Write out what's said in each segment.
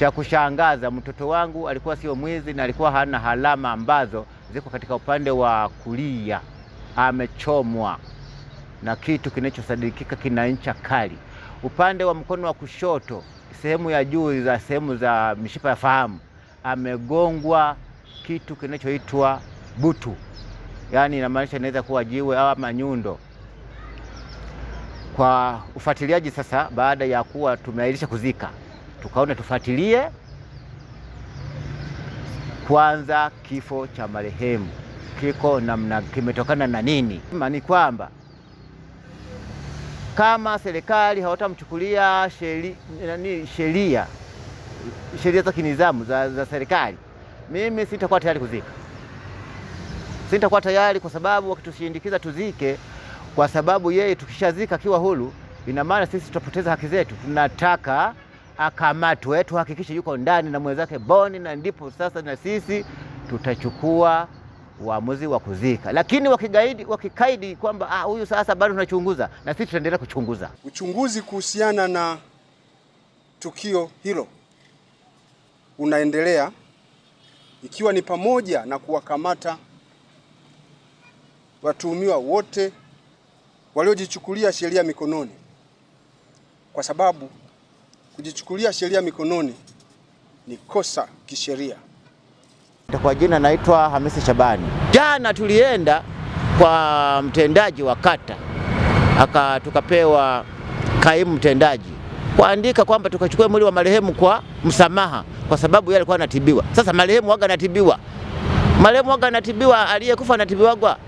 Cha kushangaza mtoto wangu alikuwa sio mwizi na alikuwa hana alama ambazo ziko katika upande wa kulia. Amechomwa na kitu kinachosadikika kina ncha kali. Upande wa mkono wa kushoto, sehemu ya juu za sehemu za mishipa ya fahamu, amegongwa kitu kinachoitwa butu, yaani inamaanisha inaweza kuwa jiwe au manyundo. Kwa ufuatiliaji sasa, baada ya kuwa tumeahirisha kuzika tukaona tufuatilie kwanza kifo cha marehemu kiko namna, kimetokana na nini? Ni kwamba kama serikali hawatamchukulia sheria sheria za kinizamu za, za serikali, mimi sitakuwa tayari kuzika, sitakuwa tayari kwa sababu wakitushindikiza tuzike, kwa sababu yeye tukishazika akiwa huru, ina maana sisi tutapoteza haki zetu. Tunataka akamatwe, tuhakikishe yuko ndani na mwenzake boni, na ndipo sasa na sisi tutachukua uamuzi wa kuzika. Lakini wakigaidi, wakikaidi kwamba ah, huyu sasa bado tunachunguza, na sisi tutaendelea kuchunguza uchunguzi kuhusiana na tukio hilo unaendelea, ikiwa ni pamoja na kuwakamata watuhumiwa wote waliojichukulia sheria mikononi kwa sababu Kujichukulia sheria mikononi ni kosa kisheria. Kwa jina naitwa Hamisi Shabani. Jana tulienda kwa mtendaji wa kata aka tukapewa kaimu mtendaji kuandika kwamba tukachukua mwili wa marehemu kwa msamaha, kwa sababu yeye alikuwa anatibiwa. Sasa marehemu waga anatibiwa, marehemu waga anatibiwa, aliyekufa anatibiwagwa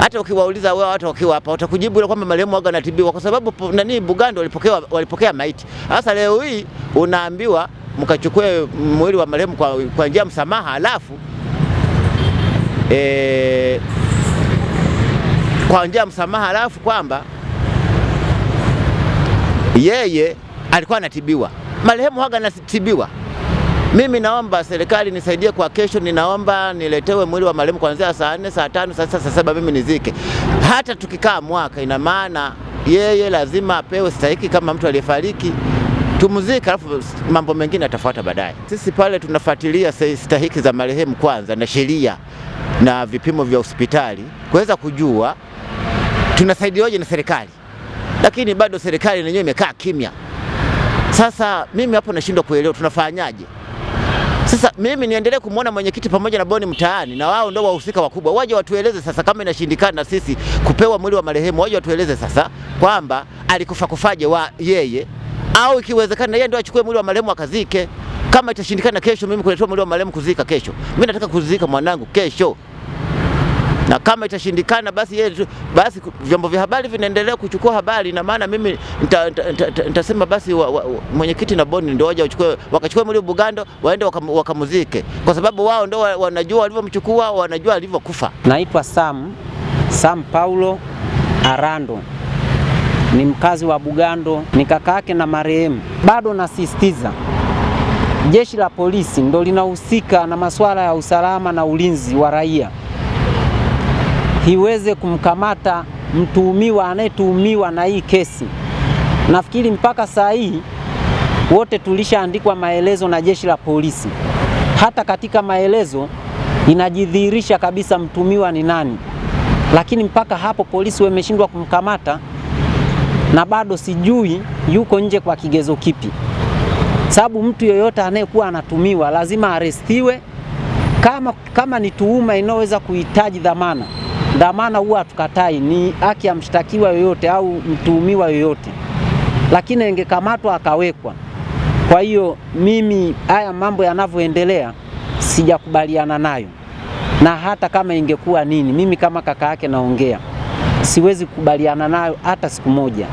hata ukiwauliza wao watu wakiwa hapa watakujibu ile kwamba marehemu waga anatibiwa kwa sababu nani, Bugando walipokea walipokea maiti. Sasa leo hii unaambiwa mkachukue mwili wa marehemu kwa, kwa njia msamaha, alafu e, kwa njia msamaha, alafu kwamba yeye alikuwa anatibiwa, marehemu waga anatibiwa. Mimi naomba serikali nisaidie kwa kesho, ninaomba niletewe mwili wa marehemu kuanzia saa nne, saa tano, saa sita, saa saba, mimi nizike. Hata tukikaa mwaka, ina maana yeye lazima apewe stahiki kama mtu aliyefariki tumzike, alafu mambo mengine yatafuata baadaye. Sisi pale tunafuatilia stahiki za marehemu kwanza na sheria na vipimo vya hospitali kuweza kujua tunasaidiwaje na serikali, lakini bado serikali yenyewe imekaa kimya. Sasa mimi hapo nashindwa kuelewa tunafanyaje. Sasa mimi niendelee kumwona mwenyekiti pamoja na boni mtaani, na wao ndio wahusika wakubwa. Waje watueleze sasa, kama inashindikana sisi kupewa mwili wa marehemu, waje watueleze sasa kwamba alikufa kufaje wa yeye, au ikiwezekana yeye ndio achukue mwili wa marehemu akazike. Kama itashindikana kesho, mimi kuletwa mwili wa marehemu kuzika kesho, mimi nataka kuzika mwanangu kesho na kama itashindikana, basi ye, basi vyombo vya habari vinaendelea kuchukua habari, na maana mimi nitasema basi mwenyekiti na bodi ndio waje wachukue wakachukue mwili Bugando waende wakamuzike waka, kwa sababu wao ndio wanajua walivyomchukua, wanajua alivyokufa. Naitwa Sam Sam Paulo Arando ni mkazi wa Bugando, ni kaka yake na marehemu. Bado nasisitiza jeshi la polisi ndo linahusika na masuala ya usalama na ulinzi wa raia iweze kumkamata mtuhumiwa anayetuhumiwa na hii kesi. Nafikiri mpaka saa hii wote tulishaandikwa maelezo na jeshi la polisi. Hata katika maelezo inajidhihirisha kabisa mtumiwa ni nani, lakini mpaka hapo polisi wameshindwa kumkamata, na bado sijui yuko nje kwa kigezo kipi, sababu mtu yoyote anayekuwa anatumiwa lazima arestiwe, kama, kama ni tuhuma inayoweza kuhitaji dhamana Dhamana huwa hatukatai, ni haki ya mshtakiwa yoyote au mtuhumiwa yoyote, lakini ingekamatwa akawekwa. Kwa hiyo mimi, haya mambo yanavyoendelea sijakubaliana nayo, na hata kama ingekuwa nini, mimi kama kaka yake naongea, siwezi kukubaliana nayo hata siku moja.